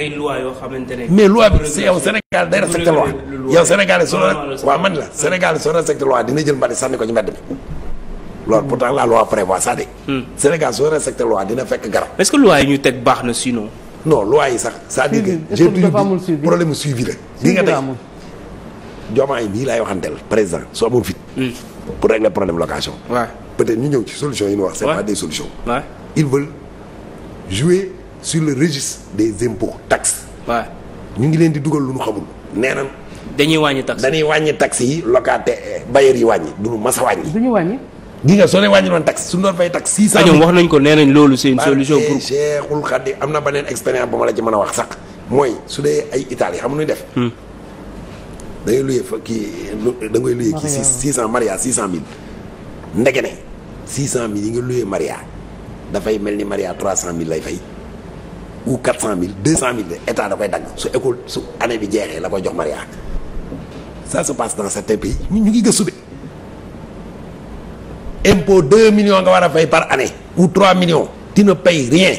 ay loi yoo ne mais loi bi si yow Sénégal day respecté loi yow Sénégal soo waaw man la Sénégal soo respecté loi dina jël mbali sànni ko ci mbedd bi loi prévoit ça de. loi dina fekk garab. est-ce que loi ñu teg baax na sinon. non loi yi sax c'est-à-dire que j'ai dit problème suivi la. lii nga tey Diomaye bii laay waxanteel président soo amoon fit. pour régler problème location. waaw peut-être ñu ñëw ci solution yi ñu wax. c'est pas de solutions. ils veulent jouer. sur le registre des impôts tax waaw ñu ngi leen di dugal lu ñu xamul nee nañ dañuy wàññi taxes dañuy wàññi taxes yi locataire bailleurs yi wàññi du ñu mas a wàññi. du ñu wàññi. gis nga soo ne wàññi woon taxe suñu doon fay taxe six cent ah, ñoom wax nañ ko nee nañ loolu c'est une solution pour Cheikhul Khadim am na beneen expérience ba ma la ci mën a wax sax mooy su dee ay Italie xam nuy def hmm. da ngay luyee fa kii da ngay ki kii six six cent Maria six cent mille ndege ne six cent mille yi nga luyee Maria dafay mel ni Maria trois cent mille lay fay ou quatre cent mille deux cent mille état da koy dagg su école su année bi jeexee la koy jox Maria ça se passe dans certains pays ñu ngi gëstu de impôt deux millions nga war a fay par année ou trois millions dina ne rien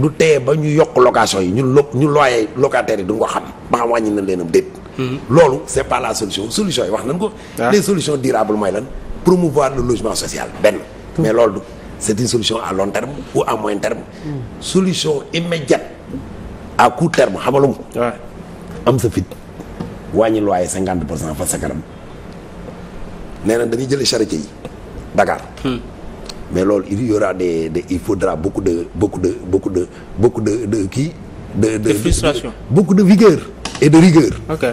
lu teye ba ñu yokk location yi ñu lo ñu loyer locataires yi du ko xam ba xam wàññi nañ leen am mm-hmm. loolu c'est pas la solution solution yi wax nañ ko ah. les solutions durables mooy lan promouvoir le logement social benn mais loolu du c'est une solution à long terme ou à moyen terme. solution immédiate à court terme xamalum am sa fit wàññi loyer cinquante pour cent fa sa kanam nee na dañuy jëlee charité yi Dakar. Hmm. mais loolu il y aura des des il faudra beaucoup de beaucoup de beaucoup de beaucoup de de kii. de de frustration beaucoup de vigueur. et de rigueur. ok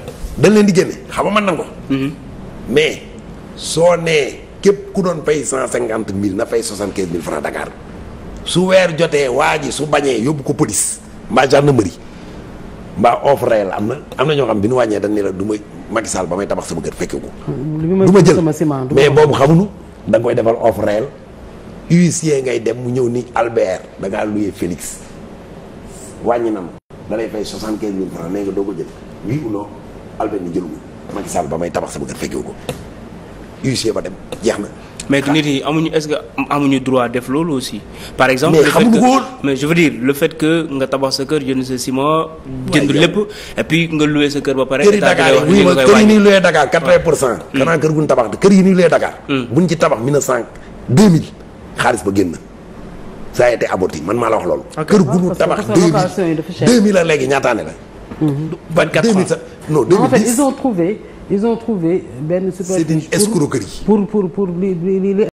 dañ leen di génne xam nga mën na ko. Hmm. mais soo nee. képp ku doon fay cent cinquante mille na fay soixante quinze mille franc Dakar su weer jotee waa ji su bañee yóbbu ko police mbaa gendarmerie mbaa offre réel am na am na ñoo xam bi ñu wàññee da ne la du ma Macky Sall ba may tabax sama kër fekke ko mm, du ma jël mais boobu xamuñu da koy defal offre réel huissier ngay dem mu ñëw ni Albert da ngaa wàññi na ma da lay fay soixante quinze mille franc ko jël oui ou non Albert ni ba may tabax sama kër fekke ko huissier ba dem jeex na. mais nit yi amuñu est-ce que amuñu droit def loolu aussi. par exemple mais xamuñu ko mais je veux dire le fait que nga tabax sa kër jënd sa ciment. jënd lépp et puis nga loué sa kër ba pare. état bi wax ni mm. kër yi ñuy loué Dakar 80 pour cent. xanaa kër gu ñu tabax kër yi ñuy loué Dakar. buñ ci tabax 1900 2000 xaalis ba génn. saa a été aborti man maa la wax loolu. kër gu ñu tabax 2000 2000 a léegi ñaataane la. 24 mm-hmm. ans non 2010 en fait ils ont trouvé. ils ont trouvé benn. super c'est une escroquerie pour pour pour li li li.